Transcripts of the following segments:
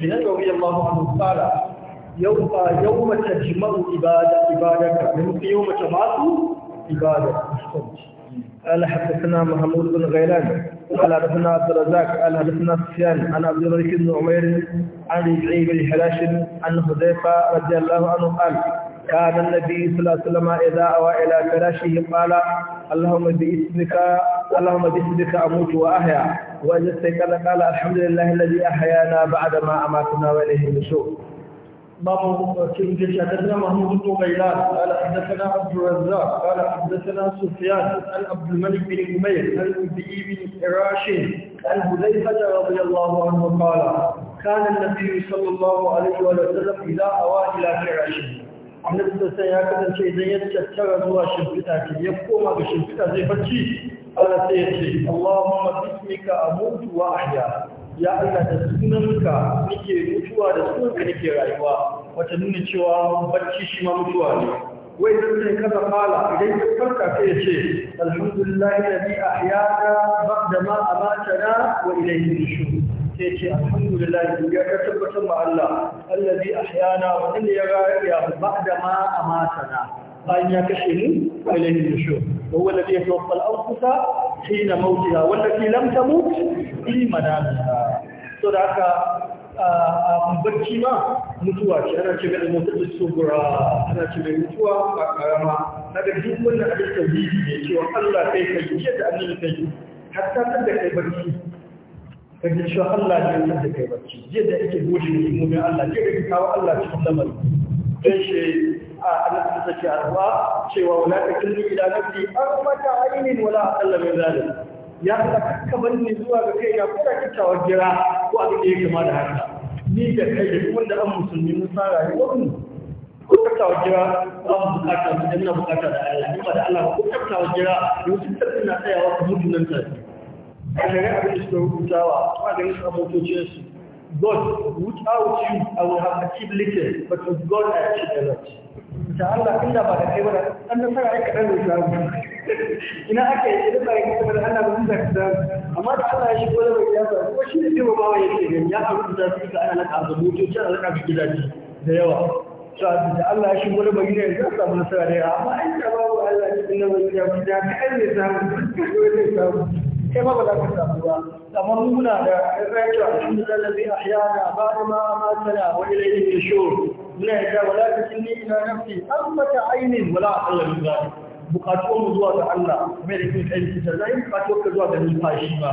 لأن رضي الله عنه قال يوم يوم تجمع عبادة عبادك من يوم جمعت عبادك قال حدثنا محمود بن غيلان قال حدثنا عبد الرزاق قال حدثنا سفيان عن عبد الملك بن عمير عن ربعي بن حلاش عن حذيفه رضي الله عنه قال كان النبي صلى الله عليه وسلم إذا أوى إلى فراشه قال اللهم باسمك اللهم باسمك أموت وأحيا وأن استيقظ قال الحمد لله الذي أحيانا بعدما أماتنا وإليه النشور باب كنجش حدثنا محمود بن غيلان قال حدثنا عبد الرزاق قال حدثنا سفيان عن عبد الملك بن أمير عن أبي بن إراش عن حذيفة رضي الله عنه قال كان النبي صلى الله عليه وسلم إذا أوى إلى فراشه annabi sassan ya kasance idan ya tattara zuwa shimfiɗa ce ya koma ga shimfiɗa zai bacci Allah sai ya ce Allahumma bismika amutu wa ahya ya Allah da sunanka nake mutuwa da sunanka nake rayuwa wata nuna cewa bacci shi ma mutuwa ne wai zan sai kaza fala idan ka farka sai ya ce alhamdulillahi alladhi ahyana ba'da ma amatana wa ilayhi nushur sai ce alhamdulillah ya ka tabbatar ma Allah allazi ahyana wa inda ya rayuwa ba'da ma amatana bayan ya kashe mu ilayhi nushur wa huwa alladhi yatawaffa al-anfusa hina mawtiha wallati lam tamut fi manamiha so da haka a bacci ma mutuwa ce ana ce ganin mutu tsogura ana ce mai mutuwa ba karama na ga duk wannan abin tauhidi ne cewa Allah kai kai yadda annabi kai hatta kada kai bacci ka ji cewa Allah ne ya da kai bacci jiya da yake gode ne mu'min Allah jiya da ka kawo Allah cikin lamari dan shi a Allah ta ce arwa cewa wala takillu ila nafsi arfata ainin wala aqalla min zalik ya Allah kakka bar ni zuwa ga kai na kuma kittawar jira ko abin da ya kama da haka ni da kai da kuma da an musulmi mun sa rayuwar mu ko tattawa jira ba mu bukata su dan na bukata da Allah kuma da Allah ko tattawa jira yau sun tattauna tsayawa ku mutunan tare a gare abin da suka rubutawa kuma gare su a motocinsu God, without you, I will have achieved little, but with God, I achieved a lot. Ta Allah, inda ba da kai ba an nasara ai kaɗan da samu. Ina aka yi idan ba da da Allah ba da samu. Amma da Allah ya shigo da bai ba, kuma shi ne ba yake gani ya abu da su ka ana laka da motoci ana laka da gidaje da yawa. Sa da Allah ya shigo da bai ne ya samu nasara da Amma da babu Allah ya shigo da bai ya ba, da kaɗan ne samu. kai ba ba za ka samu ba amma muna da rayuwa alhamdulillah da zai ahyana ba da ma amatana wa ilayhi nushur muna yadda wala takilni ila nafsi ta aini wala Allah min zalik bukatuwar mu zuwa ga Allah mai da kin kai ki da zai bukatuwar ka zuwa ga numfashi ba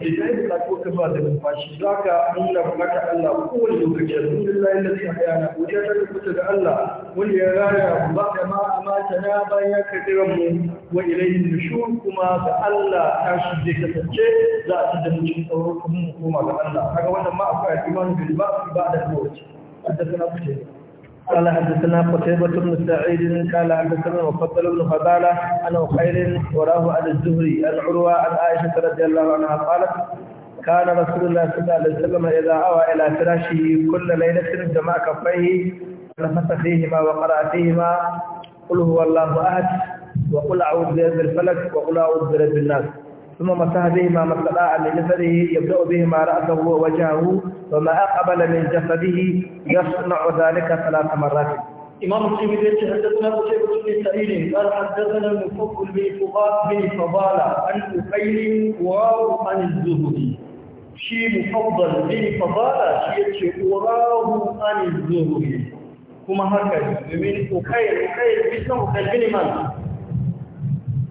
idan da ka kuka ba da numfashi za ka nuna maka Allah kowane lokaci alhamdulillah inda zai haya na godiya ta kuka ga Allah wanda ya raya ba da ma amata na bayan ya karɓi mu wa ilayhi nushur kuma ga Allah ta shi zai kasance za a ci da mutum tsaro kuma mu koma ga Allah kaga wannan ma akwai ba su ba da ba'd a da maut حدثنا قتيبة قال حدثنا قتيبة بن سعيد قال حدثنا مفضل بن فضالة عن خير وراه عن الزهري عن عروة عن عائشة رضي الله عنها قالت كان رسول الله صلى الله عليه وسلم إذا أوى إلى فراشه كل ليلة جمع كفيه ونفث فيهما وقرأ فيهما قل هو الله أحد وقل أعوذ برب الفلك وقل أعوذ برب الناس ثم مسح بهما ما استطاع من جسده يبدأ بهما رأسه ووجهه وما أقبل من جسده يصنع ذلك ثلاث مرات إمام الترمذي حدثنا قتيبة بن سعيد قال حدثنا المفضل بن فضال بن فضالة عن أخيل وراو عن الزهري شي مفضل بن فضالة شي وراو عن الزهري كما هكذا من أخيل أخيل بن أخيل بن من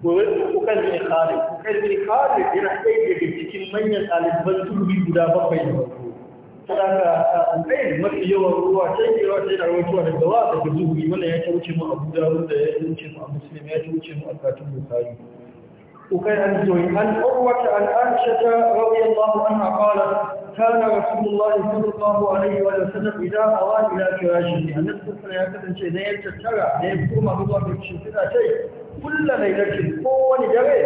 gobe ku kan ne kare yana ɗaya daga cikin manyan ɗaliban turbi guda bakwai da farko saboda a ɗaya mafi yawan ruwa sai ke rawa sai da ruwa tuwa daga wa daga zuhuri wanda ya tauce mu abu da wanda ya tauce mu a musulmi ya tauce mu a katin bukari ku kai an zoyi an ɓarwa ta al'arsha ta rauyi allah mu an haƙala ta na wasu mullahi sun rufahu a rai wadda sun nafi da awa ila kira shi ne a nan ya kasance na yanta tara na ya koma zuwa da shi kulla ko kowane dare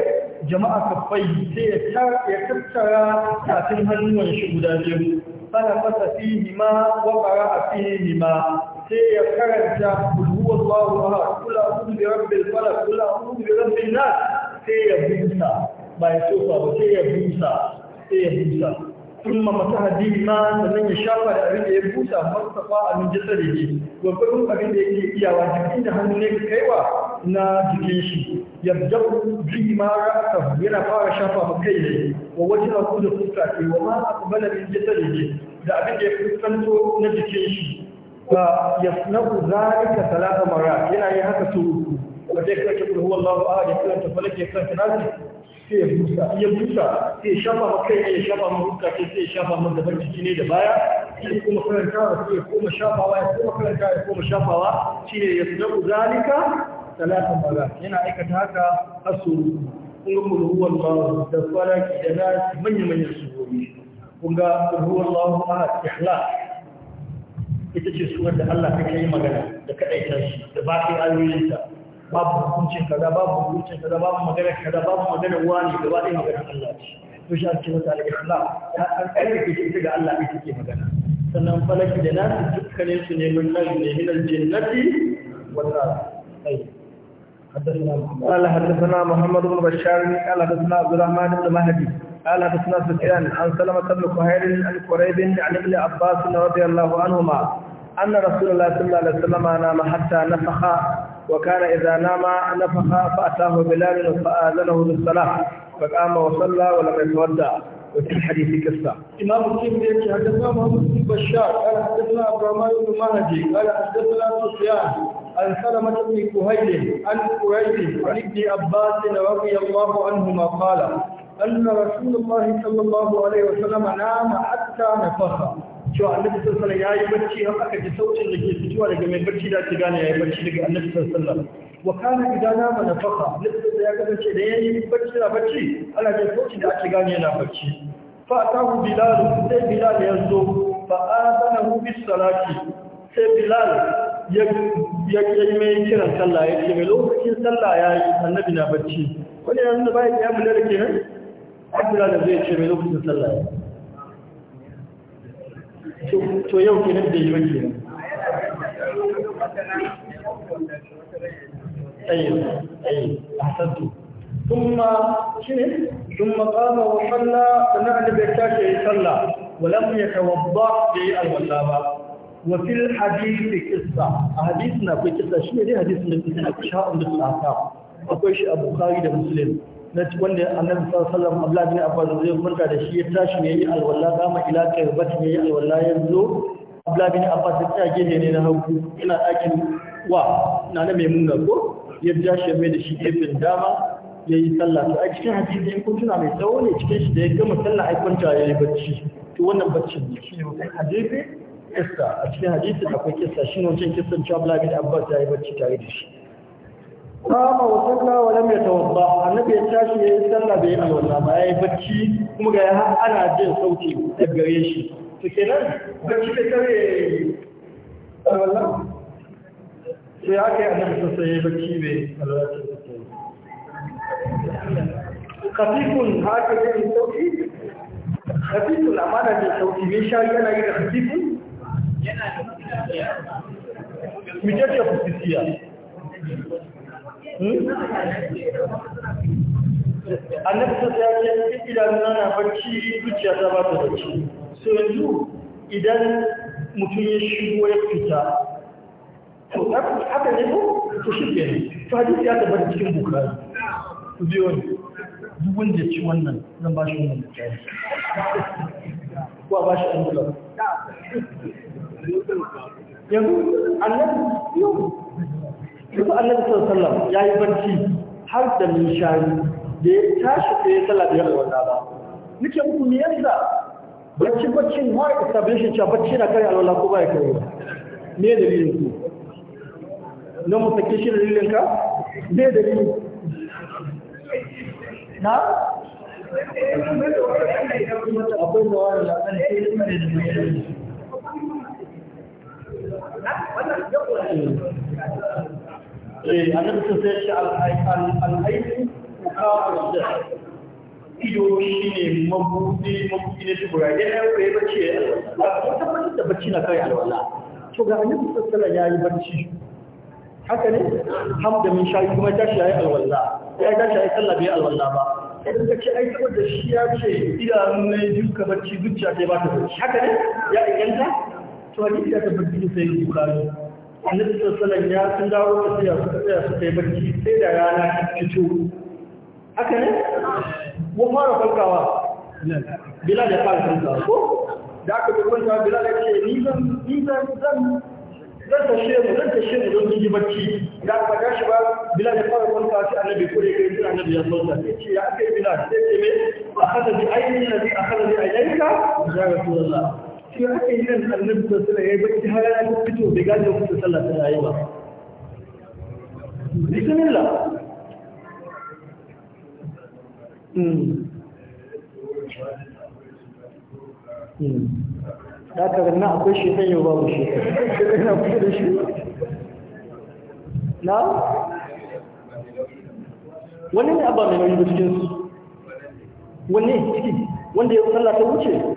jama'a kafai sai ya tattara tafin hannuwan shi guda biyu fara fasa fihi ma wa fara a fihi ma sai ya karanta kulhuwar babu aha kula hudu da rabbil fara kula hudu da rabbin na sai ya busa ba ya sofa ba sai ya busa sai ya busa kuma mata hadini ma sannan ya shafa da abin da ya busa masa fa a min jasadihi gwagwarin abin da yake iyawa jikin da hannu ne ka kaiwa na jikin shi Yadda bi ma ra'aka yana fara shafa ma kai ne wa wajen ku da fuska ce wa ma aqbala min jasadihi da abin da ya fuskanto na jikin shi fa yasnahu zalika salata marat yana yin haka su uku wa dai kace kul huwa Allahu ahad ya karanta falake karanta nasi sai ya busa ya busa sai ya shafa ma kai ne ya shafa ma fuska ce sai ya shafa ma gaban jiki ne da baya sai ya koma karanta sai ya koma shafawa ya koma karanta ya koma shafawa shine yasnahu zalika talata mara yana aikata haka asu ulmul huwa Allah da falaki da nas manya manyan surori Kunga ga huwa Allah ahad ihlas ita ce suwar da Allah ta kai magana da kadaita shi da baki ayoyinta babu hukuncin kaza babu hukuncin kaza babu magana kaza babu magana wani gaba ɗaya magana Allah ce to shi ake mata al-ihlas ya an karfe ita ga Allah ita ke magana sannan falaki da nasu dukkaninsu ne min nan ne min aljannati wal nar قال حدثنا محمد بن بشار قال حدثنا عبد الرحمن بن مهدي قال حدثنا سفيان عن سلمة بن كهير عن قريب عن ابن عباس رضي الله عنهما أن رسول الله صلى الله عليه وسلم نام حتى نفخ وكان إذا نام نفخ فأتاه بلال فآذنه بالصلاة فقام وصلى ولم يتودع وفي الحديث قصة إمام مسلم بن حدثنا محمد بن بشار قال حدثنا عبد الرحمن بن مهدي قال حدثنا سفيان عن سلمة بن كهيل عن قريب عن ابن عباس رضي الله عنهما قال أن رسول الله صلى الله عليه وسلم نام حتى نفخ cewa annabi sallallahu alaihi wasallam yayi barci har aka ji sautin da ke fitowa daga mai barci da ta gane yayi barci daga annabi sallallahu alaihi wasallam wa kana idan nama nafaqa annabi ya kasance da yayi barci da barci ana jin sautin da ake gane yana barci fa atahu bilal sai bilal ya zo fa adanahu bis sai bilal ya mai kiran sallah ya ce mai lokacin sallah ya yi annabi na bacci wani yanzu da bayan ya mulera ke nan abdula da zai ce mai lokacin sallah ya to yau ke nan da yi wani nan ayyau ayyau a sattu ثم شنو ثم قام yi ba. wa fil hadisi kissa a hadisi na akwai kissa shi ne dai hadisin da kuka na sha'un da sa'ata akwai shi a bukhari da muslim na wanda annabi sallallahu alaihi wasallam Abdullah bin Abbas zai murta da shi ya tashi ne yi alwala kama ila kaibat yi alwala yanzu Abdullah bin Abbas ya tsage ne na hagu ina dakin wa na na maimuna ko ya ja shi mai da shi gefen dama Ya yi sallah to a cikin hadisi in kun mai tsawo ne cikin shi da ya gama sallah ai kwanta yi bacci to wannan baccin ne shi ne hadisi kissa a cikin hadisi akwai kissa shi wancan kissan cewa Abdullah bin Abbas ya yi bacci tare da shi kama wa sallah wa lam yatawadda annabi ya tashi sallah bai alwala ba yi bacci kuma ga har ana jin sauti daga gare shi to kenan bacci bai kare alwala sai yi annabi sai yayi bacci bai alwala kafifun haka ne kafifun shari'a na yi da kafifun Mike ce kusurciya? Hmm? Annabi ta tsaye ce, idanuna na bacci zuciya ta ba ta bacci. So yanzu idan mutum ya shigo ya fita, to haka ne ko? To shi ke ne. Fadis ya taba cikin bukari. Ku biyo ne. Duk wanda ci wannan zan ba shi wannan bukari. Kuwa ba shi an yanzu annabi yanzu annabi sallallahu ya yi barci har da nishani da ya tashi sai ya sallah biyar alwala ba nake muku me yasa barci barcin wa ya sabbin shi cewa barci na kare alwala ko ba ya kare ba da dalilin ku na mu sake shi dalilin ka me dalilin na akwai da wani labarin eh annabi sun sai shi al'aiku kawo da ido shi ne mabuɗi mabuɗi na shugura ya yi kwaye bacci ya yi alwala tabbatar da bacci na kai alwala to ga annabi sassala ya yi bacci haka ne hamda min shayi kuma tashi ya yi alwala ya tashi ya yi sallah bai alwala ba idan ka ce ai saboda shi ya ce idanun ne duka bacci zuciya ta ba ta bacci haka ne ya inganta to hadisi ya tabbaci da sai bukari annabi sallallahu ya sun dawo tafiya su tsaya su kai barci sai da rana ta fito haka ne wa fara farkawa bila da fara farkawa ko da aka bi kwanta bila da ce ni zan zan zan zan shi mu zan shi mu don yi barci da aka shi ba bila da fara farkawa sai annabi ko da kai sai annabi ya sauka ce ya bila sai ce me akhadha bi akhadha bi ya rasulullah shi aka yi nan annabi da suna ya yi baki har ya fito bai gaje mutu sallah ta yi ba bismillah da ka na akwai shekan yau babu shekan shekan na kusa da shi na wani ne abba mai nauyi ba cikinsu wani ciki wanda ya sallah ta wuce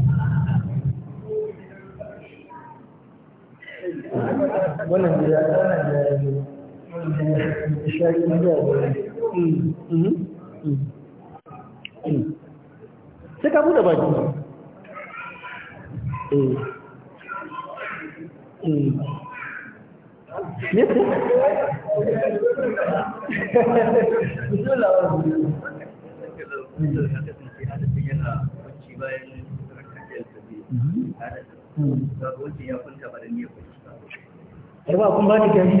wannan da ya tsana da ya da mm-hmm. mm-hmm. mm-hmm. ya ka ba kun ba ni gari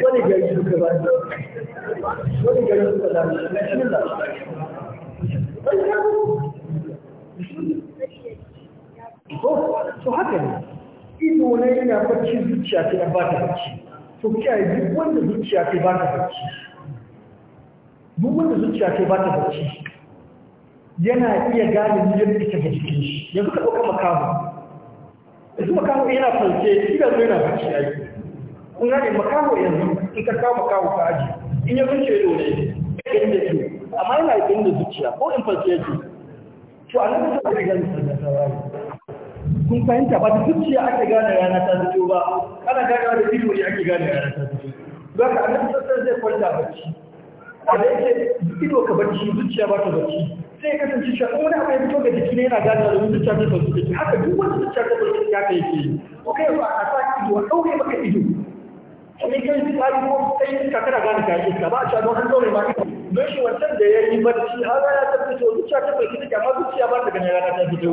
wani gari suka ba ni wani gari suka ba ni bismillah ko to haka ne ido ne yana bacci zuciya ta ba ta bacci to kiyaye duk wanda zuciya ta ba ta bacci duk wanda zuciya ta ba ta bacci yana iya gane yadda take jikin shi yanzu ka ɗauka makamu yanzu makaho yana kwance idan zo yana bacci ya yi kun gane makaho yanzu in ka kawo makaho ka aji in ya kunce ido ne yakin da ke amma yana yakin da zuciya ko in farce yake to a nan da zai gani sannan sarari kun fahimta ba da zuciya ake gane rana ta fito ba ana gane da ido ne ake gane rana ta fito za ka annabi sassan zai kwanta bacci a da yake ido ka bacci zuciya ba ta bacci sai kasance shi wani abu fito ga jiki ne yana gane da wani ta sauki haka duk wani zuciya ta sauki ya kai ke ko kai zuwa a sa ido a ɗaure maka ido ne kai tsari ko sai ka kana gane ka yi ka ba a sha don an ɗaure ma ido don shi wancan da ya yi barci har rana ta fito zuciya ta sauki take amma zuciya ba ta gane rana ta fito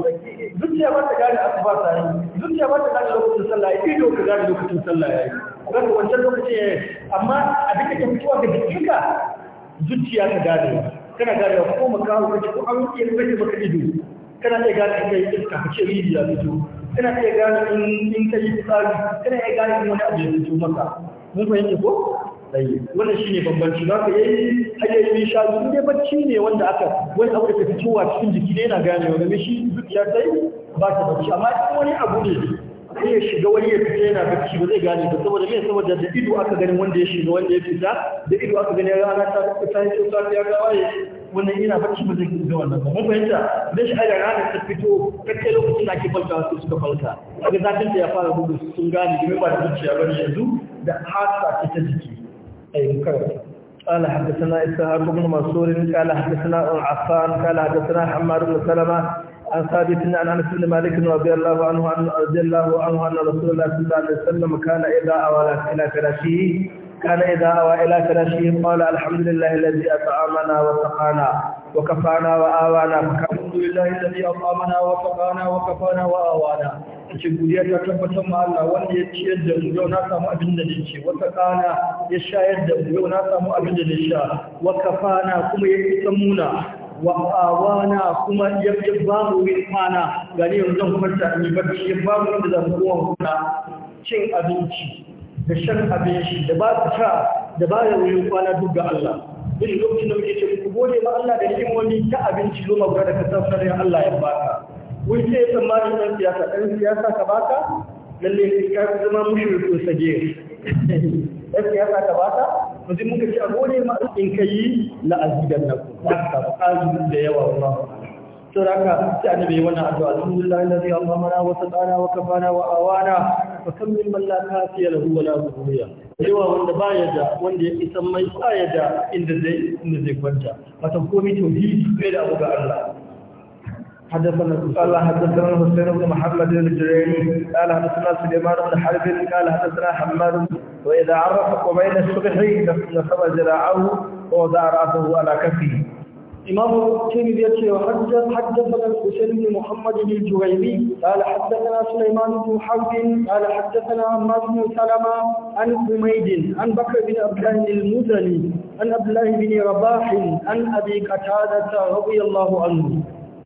zuciya ba ta gane abu ta yi zuciya ba ta gane lokacin sallah ya ido ka gane lokacin sallah ya yi zaka wancan lokacin ya yi amma abin da ke fitowa ga jikinka zuciya ta gane kana gane wa kuma kawo kake ko an yi kake baka ido kana iya gane in kai iska ka ce rijiya fito kana iya gane in in kai fitsari kana iya gane in wani abu ya fito maka mun fahimta ko tsaye wannan shine bambanci za ka yi ayyukan shayi in dai bacci ne wanda aka wani abu da ka fitowa cikin jiki ne yana gane wa game shi zuciya sai ba ta bacci amma in wani abu ne sai ya shiga wani ya fita yana bacci ba zai gane saboda me saboda da ido aka wanda ya shiga wanda ya fita da ido aka ta ta ga waye yana bacci ba zai ga wannan ba mun fahimta dan shi da ta fito kake lokacin da ake falka su suka falka kaga zafin ya fara gudu sun gane domin ba da zuciya bane yanzu da hasa ta jiki ai karanta قال حدثنا إسحاق بن منصور قال حدثنا العفان قال حدثنا حمار بن سلمة عن ثابت عن انس بن مالك رضي الله عنه عن رضي الله عنه ان رسول الله صلى الله عليه وسلم كان اذا اوى الى فراشه كان اذا اوى الى فراشه قال الحمد لله الذي اطعمنا وسقانا وكفانا واوانا الحمد لله الذي اطعمنا وسقانا وكفانا واوانا ce godiya ta tabbatar ma Allah wanda ya ciyar da mu yau na samu abin da ne ce wata kana ya shayar da mu yau na samu abin da ne sha wa kafana kuma ya isa muna awana kuma ya ba mu wani kwana gani yanzu zan ta ni barci ya ba mu wanda zan kuma kuna cin abinci da shan abinci da ba ta sha da ba ya yi kwana duk ga Allah irin lokacin da muke ce ku gode ma Allah da ni'im wani ta abinci goma guda da kasar sarrafa Allah ya baka wai sai tsammanin dan siyasa dan siyasa ka baka lalle ne ka zama mushrikin sage ya siyasa ka baka mutum muka ce a gode ma in ka yi la'azidan na ku ba ka ƙazu da yawa ba to haka sai annabi wannan addu'a alhamdulillahi alladhi amana wa sadana wa kafana wa awana fa kam min man la kafiya lahu wa la ghuriya yawa wanda ba ya da wanda ya isa mai ba ya da inda zai inda zai kwanta wato komai tauhidi bai da abu ga Allah حدثنا قال حدثنا حسين بن محمد الجريري قال حدثنا سليمان بن حرب قال حدثنا حماد واذا عرف قبيل الصبح نصب ذراعه ووضع راسه على كفه إمام الترمذي يقول وحدث حدثنا الحسين بن محمد بن الجريري قال حدثنا سليمان بن حرب قال حدثنا عماد بن سلمة عن حميد عن بكر بن عبد الله المزني عن عبد الله بن رباح عن أبي قتادة رضي الله عنه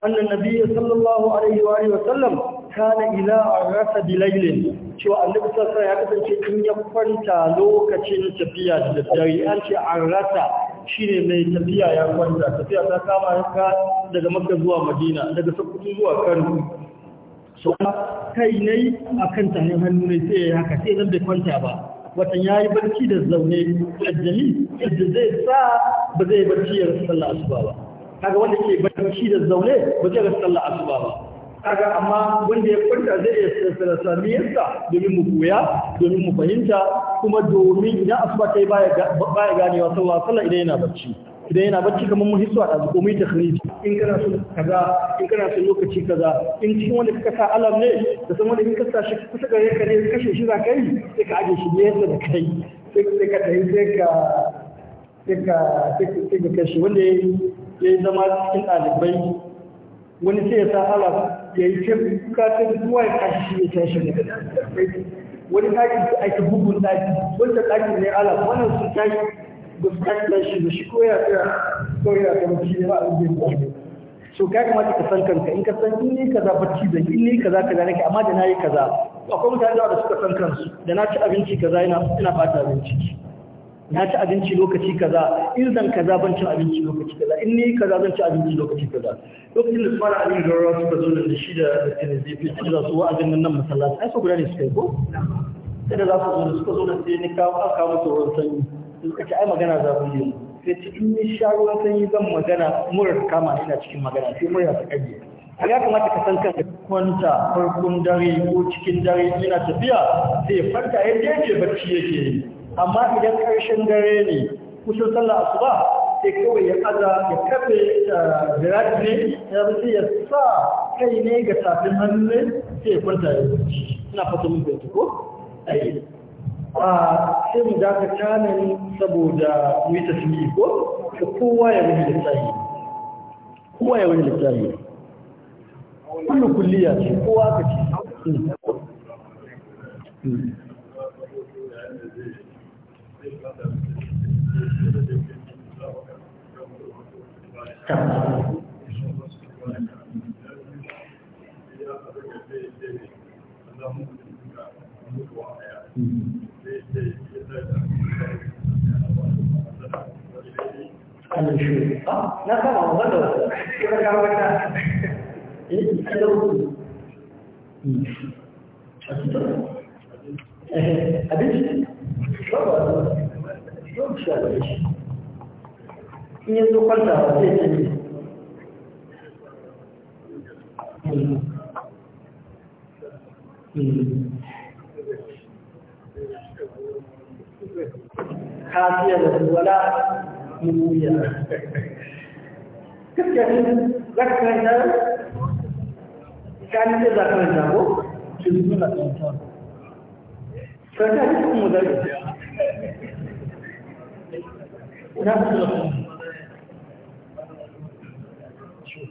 أن النبي صلى الله عليه وآله وسلم كان إلى عرس بليل شو النبي صلى الله عليه وسلم إن يفنت لوكة تبيع تبيع أنت عرف shine mai tafiya ya kwanta tafiya ta kama haka daga makka zuwa madina daga sokoto zuwa kano so kai ne akan tanin hannu ne sai haka sai zan bai kwanta ba watan yayi yi barci da zaune ajali yadda zai sa ba zai barci ya rasa sallah asuba ba kaga wanda ke barci da zaune ba zai ga sallar asuba ba kaga amma wanda ya kwanta zai iya sassara samiyarsa domin mu koya domin mu fahimta kuma domin idan asuba ta yi baya ganewa sallah sallah idan yana barci idan yana barci kamar mun hisuwa da komai ta khariji in kana so kaza in kana so lokaci kaza in cikin wanda kika sa alam ne da san wanda kika sa shi kusa gare ka ne kashe shi za ka yi sai ka aje shi nesa da kai sai ka tafi sai ka sai ka sai ka kashe wanda ya yi zama cikin ɗalibai wani sai ya sa ala ya yi ce bukatun zuwa ya kashi shi ya tashi ne wani ɗakin da ake bugun ɗaki wanda ɗakin ne ala wannan sun tashi ba su tashi da shi da shi ko ya tsaya ko ya tsaya shi ne ba a zai ba? so ka kamata ka san kanka in ka san in ni kaza bacci da in ni kaza kaza nake amma da na yi kaza akwai mutane da suka san kansu da na ci abinci kaza ina ina bata abinci na ci abinci lokaci kaza in zan kaza ban ci abinci lokaci kaza in ni kaza zan ci abinci lokaci kaza lokacin da fara abin da rawa suka zo da shi da da tinizi fi ci da su abin nan masallaci ai so guda ne suka yi ko sai da za su zo da suka zo da sai ni kawo aka kawo musu ruwan sanyi suka ce ai magana za ku yi sai ci in ni sha ruwan sanyi zan magana murar kama ina cikin magana sai murya ta kage ya kamata ka san kanka kwanta farkon dare ko cikin dare ina tafiya sai farka yadda yake bacci yake yi amma idan ƙarshen dare ne kusan sallah asuba sai kawai ya aza ya kafe birane eh, ne ya rufe ya sa kai ne ga tafin hannu ne sai ya kwanta ya zuci ina fata mun bai ko Ayi. a ah, sai mu dakata nan saboda mu yi tafiye ko ka kowa ya wani littafi kowa ya wani littafi kullu kulliya ce kowa ka ce tabbata Ana shi, na kama wanda wata, kuma kama wata, ya zo kwanta ba zai canji kafiya da wala muya kakkafin zakanta kan ce zakanta ko? cikin zakanta mu zarfi na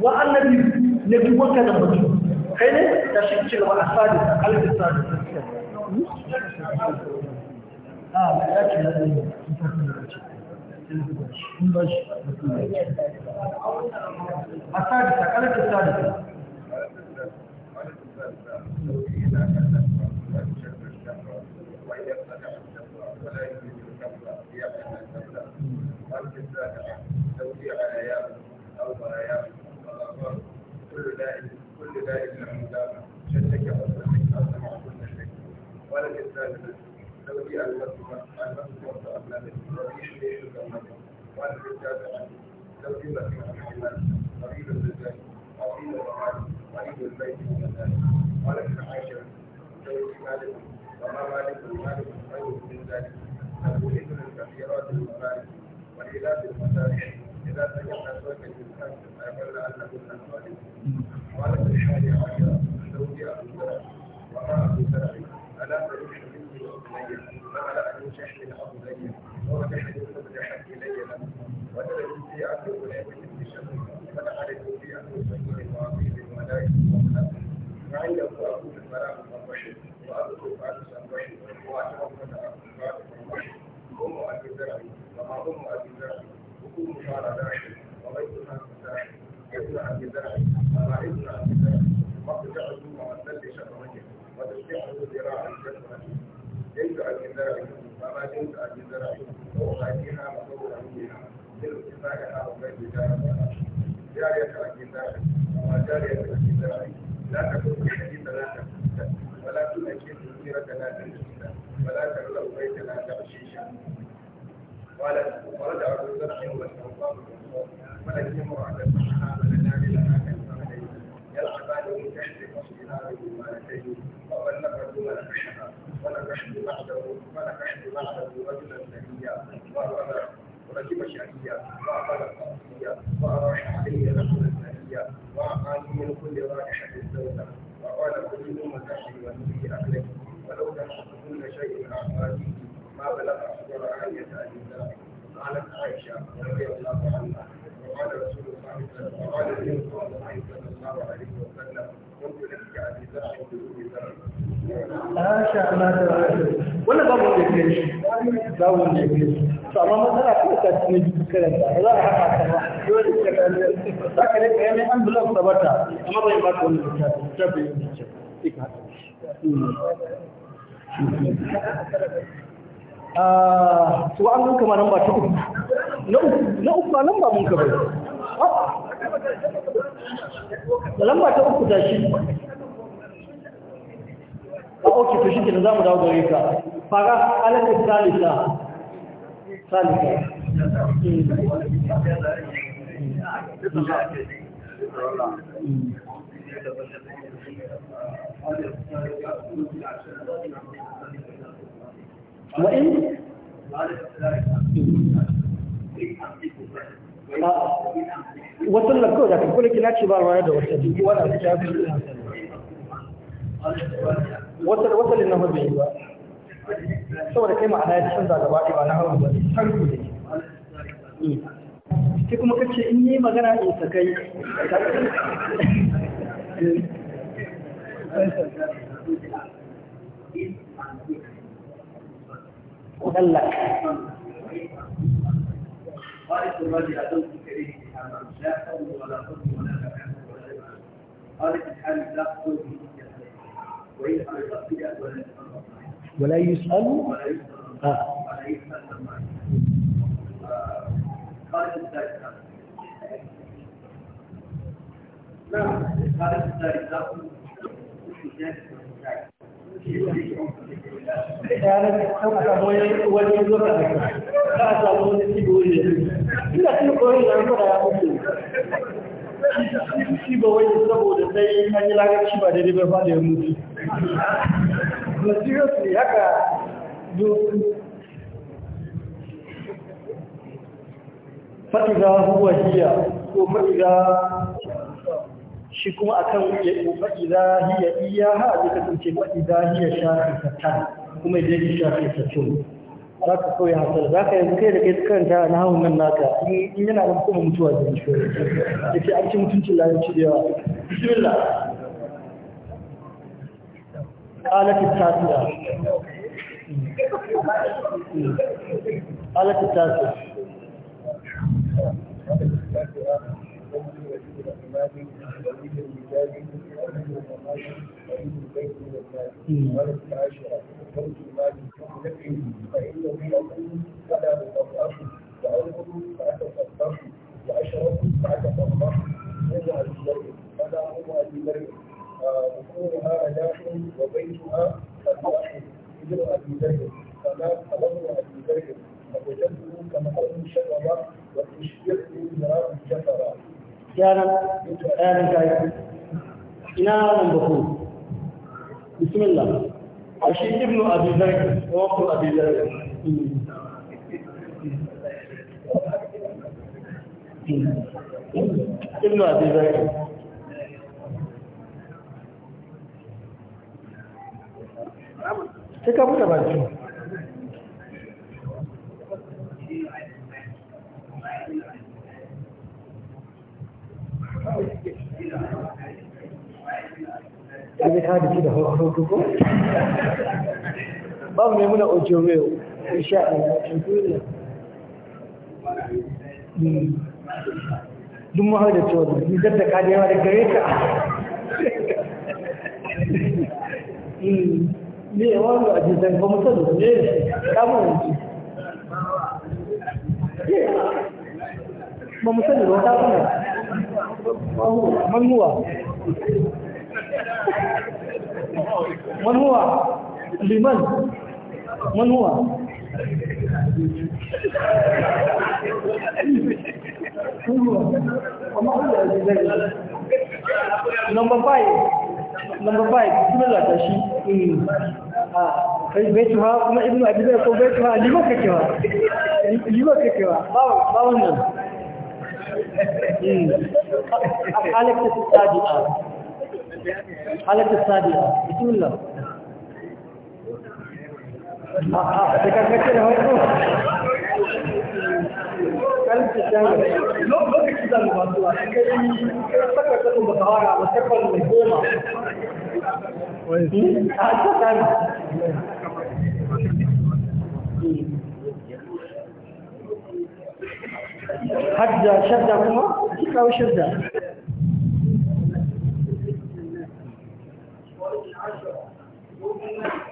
وأن نبي وكذا مجموع خير تشيك شغل السادسة قلب السادسة آه لكن هذا السادسة قلب السادسة المسألة الثالثة تولي المسجد والتأمل وفي شريح الأمل وأن الرجال عنه تولي مسيح الحمال قريب الرجال عظيم الرعاد قريب البيت والمدان قالت العاشرة تولي مالك وما مالك مالك خير من ذلك تقول ابن الكثيرات المبارك ولإله المسارح إذا سمعنا زوجة الإنسان فيقول أنهن الغالب قالت الحادي عشرة زوجي أبو زرع وما أبو وابن ابي ذر وابن ابي ذر ذرعه فما جنس أبي ذرعه وأبيها وصور أمها بالاتفاقها وبين جارية أبي ذرعه وجارية أبي لا تكون الحديث لا تكون ولا تنكر المديرة لا تنكر ولا تغلق بيت لا تغشيشا قالت ورد أبو ذرعه والشيطان ولكن امرأة معها ولنا لها كالفعلين يلعبان من تحت قصدها بالمالتين وبلغت دون الحشرة ونكحت بعده ونكحت بعده رجلا نبيا وأبى وركب شعريا وأقل قمصيا علي رجلا نبيا وأعطاني من كل رائحة زوجا وقال كل مزاحي ونبي أهلك ولو تنحت كل شيء أعطاني ما بلغ أكبر أهلية أبي ذر قالت عائشة رضي الله عنها وقال رسول الله صلى الله عليه وسلم Wannan babu wanda ke shi. za Babu ne ke shi. To amma matsala kuma ta cikin karanta. Ba za a haka ta ba. Dole ka kalle. Za ka rika yamin an blog sabata. Amma bai ba ka wannan littafi. Littafi yin littafi. Ika. Su an nuka ma namba ta uku. Na uku ba namba mun ka bai. Ah. Lamba ta uku ta shi. oke to shi ke za mu dawo gare ka fara alal salisa salisa وإن وصل لك كذا كل كلاك شباب وانا ده وصل وانا wasalin na hujjai ba saboda kai ma'ana ya canza gaba ɗaya ba na harin ba sarku ne sai hmm. kuma kace in yi magana in sakai Allah قالت الحال لا قوتي wala yus'alu a yanar kan wani zuwa da ka a samu wani cibo ne ina cikin koyi da rufa da ya mutu cibo wani saboda sai an yi lagarci ba daidai ba da ya mutu na seriously haka dosu fa'iza huwa ko shi kuma akan fa'iza hiya iya ha a zai kasance fa'iza hiya shafi kuma idan ya shafi satun za ka kawai hasar za ka yanzu kai da kai karanta na hau nan naka in yana wani kuma mutuwa da shi ya ce an ci mutuncin layanci da yawa bismillah alati tasira alati tasira ولكن hmm. ودخولها لاحم وبيتها فلاحم ابن ابي زيد فمات ابن ابي ذر فوجدته كمثل شجره وتشبهه ذراع الجفرة كان آل جاي إنا من بخور بسم الله أشي ابن أبي زيد وابن أبي زيد ابن أبي زيد maimuna ojorewo insha Allah hmm. duk mahar da cewa ni zadda ka da yawa da gare ka Ni hmm. yawan da ajiyar ba mutu da ne mu yanzu ba mutu da wata kuna manuwa manuwa liman من هو number five number five kuma za ta shi mm. a ah, kai baituwa kuma ibnu abdullahi ko baituwa liba kakewa liba kakewa ba wannan mm. halatta sadiya halatta sadiya bismillah lokaci zan ba su a kai saka sakon ba tawara ba sakon mai goma a sakon hajja shadda kuma ki kawo shadda Thank you.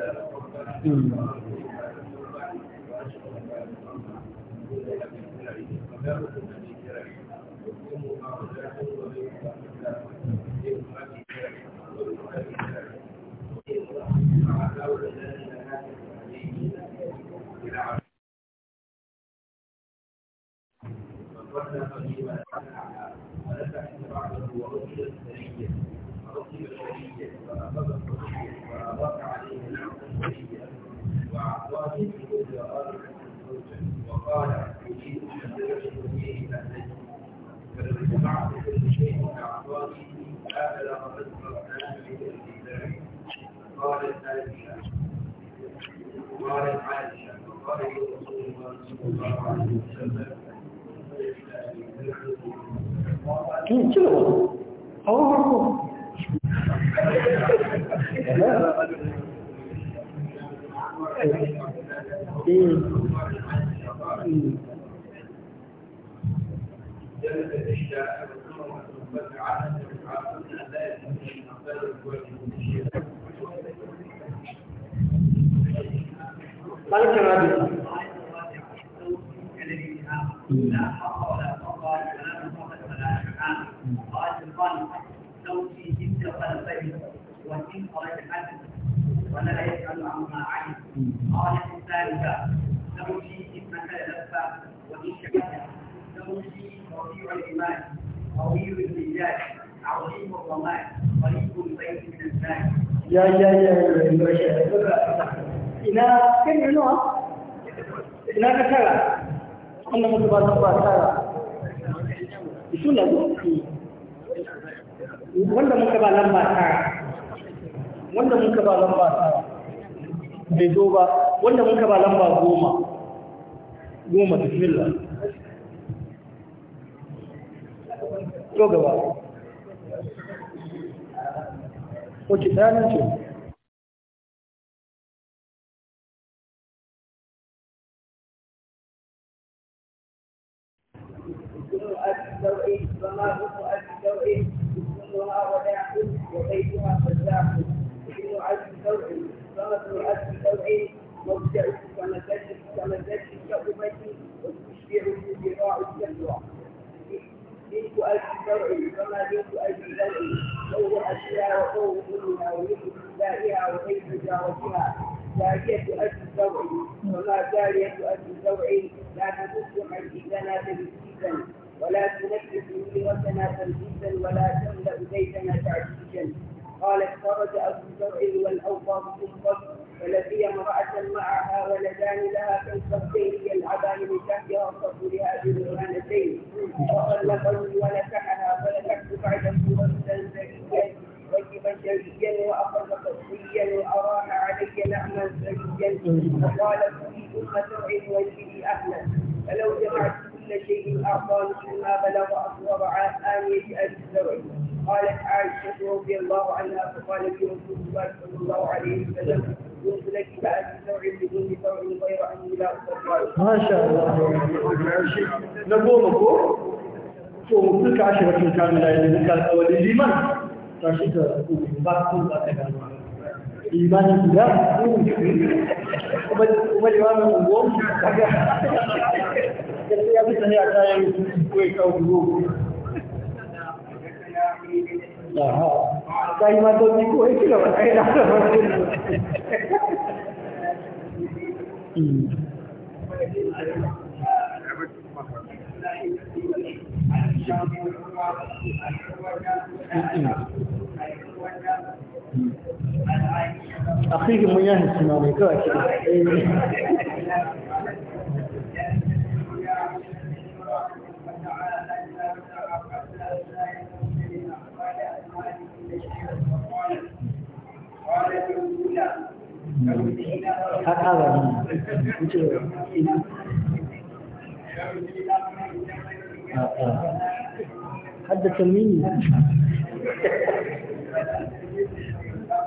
وقد قديما على ولك عند بعضه ورجل سريا قالت عائشة قالت عائشة قال رسول الله صلى الله عليه وسلم كيف هو هو الذي أخذ قال كلام الله دخل البيت والدين خرج الحدث ولا يسأل عما علم قال الثالثة زوجي إنك لبى وإن شكت زوجي رفيع الإيمان قوي الرجال عظيم الرماد قريب البيت من الزاني يا يا يا يا ina kan yi nawa ina ka tara annabi subhanahu wa ta'ala suna da wanda muka ba lamba ta wanda muka ba lamba ta bai zo ba wanda muka ba lamba goma goma bismillah to gaba wace tsanin ce الدوئي وما أصلها وداع وبيتها فزاع ابن عزم زوع ثمة عزم زوع مبدع كمزج كمزج كأبي وتشبع ذراع الشهوة بنت أبي زرع كما بنت أبي زرع ضوء أشياء وضوء أمها ومثل دائها وغير جارتها جارية أبي زرع وما جارية أبي زرع لا تنص عن إذنها بالسيزن ولا تنفذ نيرتنا تنفيذا ولا تملا بيتنا تعجيزا قالت خرج ابو زرع في بالقصد فلقي امراه معها ولدان لها في كالقصدين يلعبان من تحتها رسولها بالرهانتين وطلقني ونفحها فلكحت بعد سوره زكيه طيبا شرعيا واخذ قصيا واراح علي نعما سريا وقال لي ثم زرع واجبي اهلا فلو جمعت الأعطان مما بلغ أصوب عن آنية أبي الزرع قالت عائشة رضي الله عنها فقال لي رسول الله صلى الله عليه وسلم قلت لك كأبي زرع بدون زرع غير أني لا أصدقائك ما شاء الله نقوم نقوم to duka ashirin kan kamila yanzu kan kawai liman ta shi ta ba su ba ta gano imanin guda kuma ya a kayan kawo ta yi ya kila wata da akhihi mun yahi suna mai kawai kira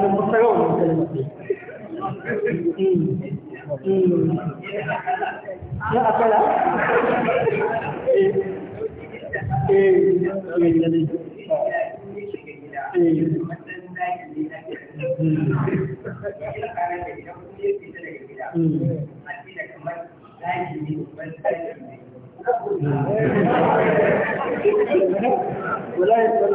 tsakanin masarautar ولا يسأل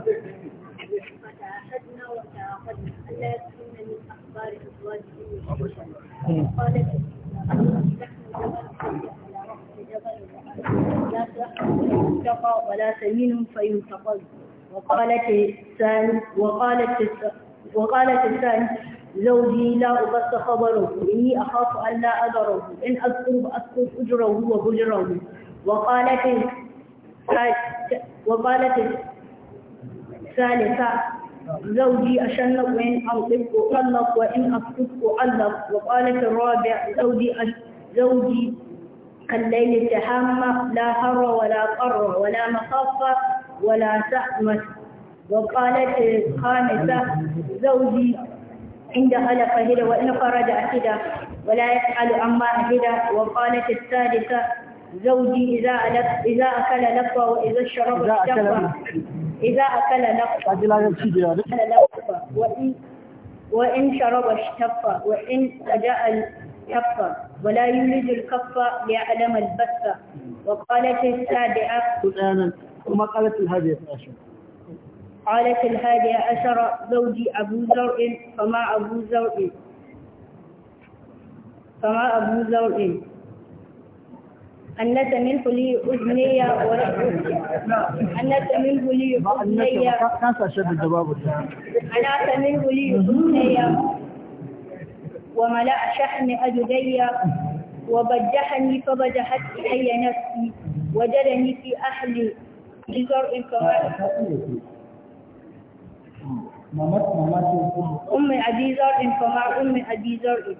ولا سمين فينتقل وقالت الثاني وقالت وقالت الثاني زوجي لا أبص خبره إني أخاف أن لا أذره إن أذكر أذكر أجره وهجره وقالت وقالت الثالثة زوجي أشنق وإن أنطق ألق وإن أكتب ألق وقالت الرابع زوجي زوجي الليل تحمى لا هر ولا قر ولا مخافة ولا سأمة وقالت الخامسة زوجي عند خلق هدى وإن خرج أهدى ولا يسأل عما أهدى وقالت الثالثة زوجي إذا ألف إذا أكل لف وإذا شرب إذا أكل إذا أكل لف وإن وإن شرب اشتفى وإن أجاء الكف ولا يولد الكف ليعلم البثة وقالت السابعة وما قالت الهادية عشر قالت الهادية عشر زوجي أبو زرع فما أبو زرع فما أبو زرع أنت منه لي أذنية أنت منه لي أذنية أنت منه لي أذنية منه لي أذنية وملأ شحن أجدي وبجحني فبجحت إلي نفسي وجدني في أهلي بزرع فواحد مامات مامات أمي عزيزة إن فما أمي عزيزة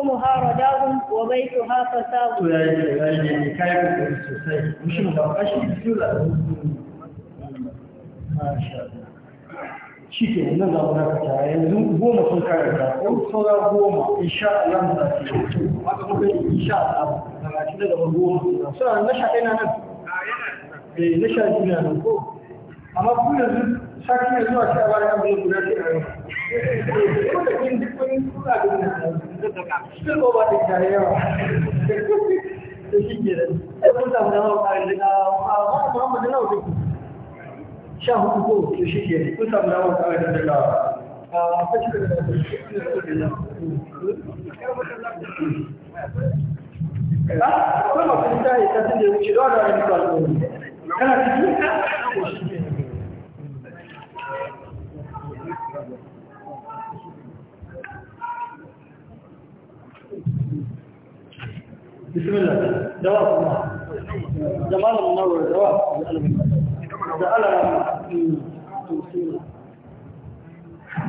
أمها رداهم وبيتها فساد يا جي يا جي مش مبارك أشي بسيولة ما شاء الله شيكي أنا لا أقول لك يا زوم بوما كل كارثة إن شاء الله بوما إن شاء الله بوما إن شاء الله بوما إن شاء الله بوما سؤال نشأ هنا نفسي نعم. إيه، نشأ هنا نفسي أما بوما sati na zuwa sha bayan guda ce a yau kuma kin duk wani sura da nan sun ko ba ta tare yawa to shi ke da sai kun eh, samu dama ƙarin daga amma Muhammad na wuce ku sha hudu ko da. shi ke kun samu dama ƙarin a kashi da Ah, kuma ba kun tayi ta tunda wuce da wannan alƙawari. Kana ciki? بسم الله دواء جمال منور دواء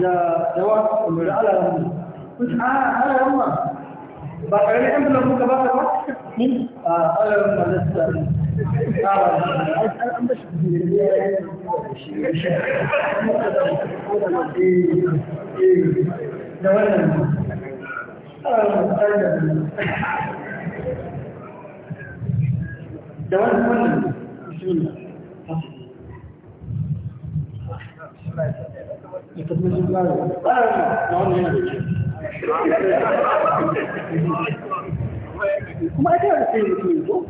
da dawa umar alamun kun a alamun ba ba karni emblem muka ba ba a alamun ba da tsari a ba an da wannan da kuma ake da sai mutum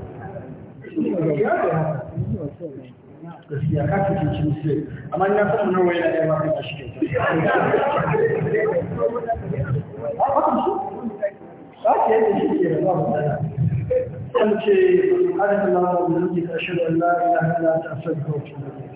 gaskiya ka fi cikin sai amma ina kuma nan waya ya ba ka shi ke ta ke da Ba ke da ba mu dana kan ce subhanallahi wa bihamdihi ashhadu an la ilaha illa anta astaghfiruka wa atubu ilayk